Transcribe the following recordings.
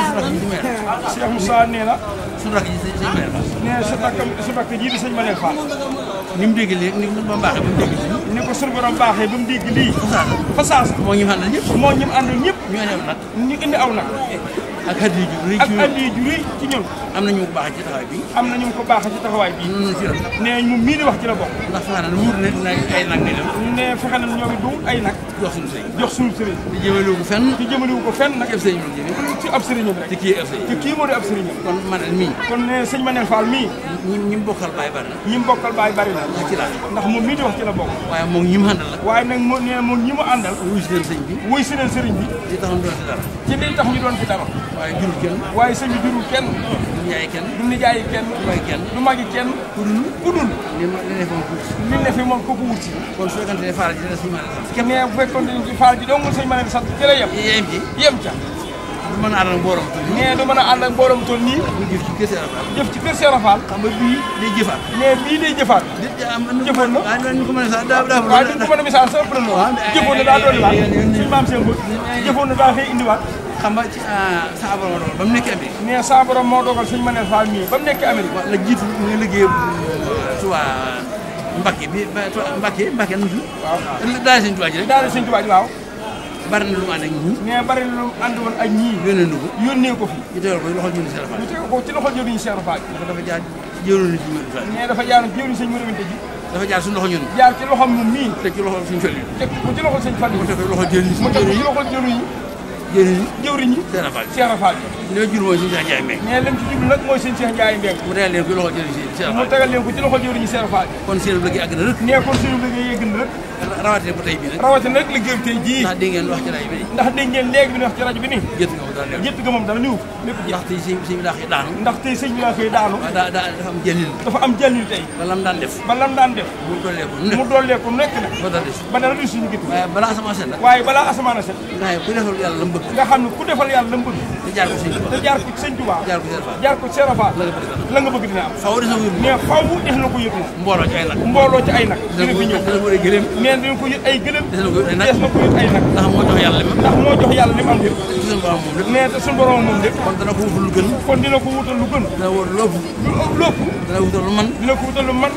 Cheikh Moussa nee na. suñu rakk ji sëñ sëñ Mbène Fall. nee na sa rakkam sa rakk ji di sëñ Mbène Fall. ni mu dégg léegi ni mu doon baaxee ba mu dégg lii. ni ko suñu borom baaxee ba mu dégg moo ñu àndal ñëpp. moo ñu àndal ñëpp. ñu indi aw nag. ñu indi aw nag. ak addi ju rëy ci ñun. am nañu ko baax ci taxawaay bi am mm, nañu ko baax ci taxawaay bi nee mu mii di wax ci la bokk ndax fexe na muur ne ay nag ni ne na ñoom it ay nag jox suñu sëriñ jox suñu sëriñ di jëmaliwu ko fenn ko fenn nag ci ab sëriñ ci ab sëriñam rek te kii ab sëriñ te kii moo di ab sëriñam kon manel mii kon mu bokkal baay bari na ñi mu ndax moom mii di wax waaye moom ñi mu waaye nag moo nee moom ñi mu àndal wuy si leen sëriñ bi wuy si leen sëriñ bi di tax ñu doon fi dara ci di tax ñu doon fi dara waaye jurul kenn waaye sëñ bi jurul kenn du njaay kenn du nijaay kenn du mag kenn du magi kenn ku dul ku dul li ne fi moom ko ko wut si kon su fekkante ne faal ji dina suñu mën a sant mais bu fekkoon ne faal ji dongul suñu mën a sant jëla yem yem ci yem ca du mën a ànd ak booram toll mais du mën a ànd ak booram toll nii jëf ci kër Seera Fall jëf ci kër Seera Fall xam nga bii day jëfaat mais bii day jëfaat jëfoon na waaw dañ ko mën a misaal daa doon la jëfoon na daa doon la suñu maam seen jëfoon na daa fee indiwaat xam nga ci ah, sa borom dogal ba mu nekk Amérique. mais sa borom moo dogal suñu mëneel faal mii ba mu nekk Amérique. waaw la jiitu mu ngi liggéey Tuubaa Mbacke bi Mbacke Mbacke nu mu. waaw waaw daal sëñ Tuubaa ji rek. daal sëñ Tuubaa ji waaw. ko yónnee ko fi. ñu teewal ko ci loxol jëriñu Cheikh Fall. ñu teewal ko ci loxol jëriñu Cheikh dafa jaar jëriñu ji Modou Fall. dafa jaar jëriñu sëñ Modou Fall dafa jaar suñu loxo ñun. jaar jëriñ jëwriñ yi Cheikh Rafal Cheikh Rafal bi li ma jur mooy sëñ Cheikh Ndiaye Mbengue mais ci jublu nag mooy sëñ Cheikh Ndiaye mu tegal leen ko ci loxo jëriñ mu tegal kon seen liggéey àgg na rëkk ne kon seen liggéey yegg na rawatina bu tey bii nag rawatina nag liggéey bi tey jii ndax dégg ngeen wax ci rajo bi ndax dégg ngeen léegi bi ne wax ci rajo bi nii jëtt nga moom dara jëtt nga moom dara liw ndax tey sëñ bi daa xëy daanu ndax tey sëñ bi daa xëy daanu dafa am jëlil dafa am jëlil tey ba lam daan def ba lam daan def mu dooleeku mu dooleeku nekk nag ba dara des ba dara des suñu gëtt waaye balaa asamaan set nag waaye balaa asamaan set nga xam ne ku defal yàlla la mu bëgg nga xam ne ku defal yàlla la mu bëgg te jaar ko sëñ Tuubaa te jaar ko sëñ Tuubaa jaar ko Serapha la nga bëgg dina am faw des na ko yëg faw des na ko yëg mbooloo ci ay nag mbooloo ci ay nag dina fi ñëw nee na dinañ ko yët ay gëlëm. des na ko yët ay nag ndax moo jox yàlla li ndax moo jox yàlla li mu am lépp. nee na suñu borom moom lépp. kon dana ko wutal lu gën. kon dina ko wutal lu gën. dina ko wutal lu man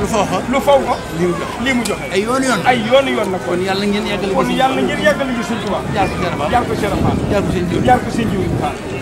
lu faw lu faw ko. mu joxe ay yoon yoon kon yàlla ngeen yàggale ko kon yàlla ngeen yàggale ko suñu tubaab. jaar ko Serap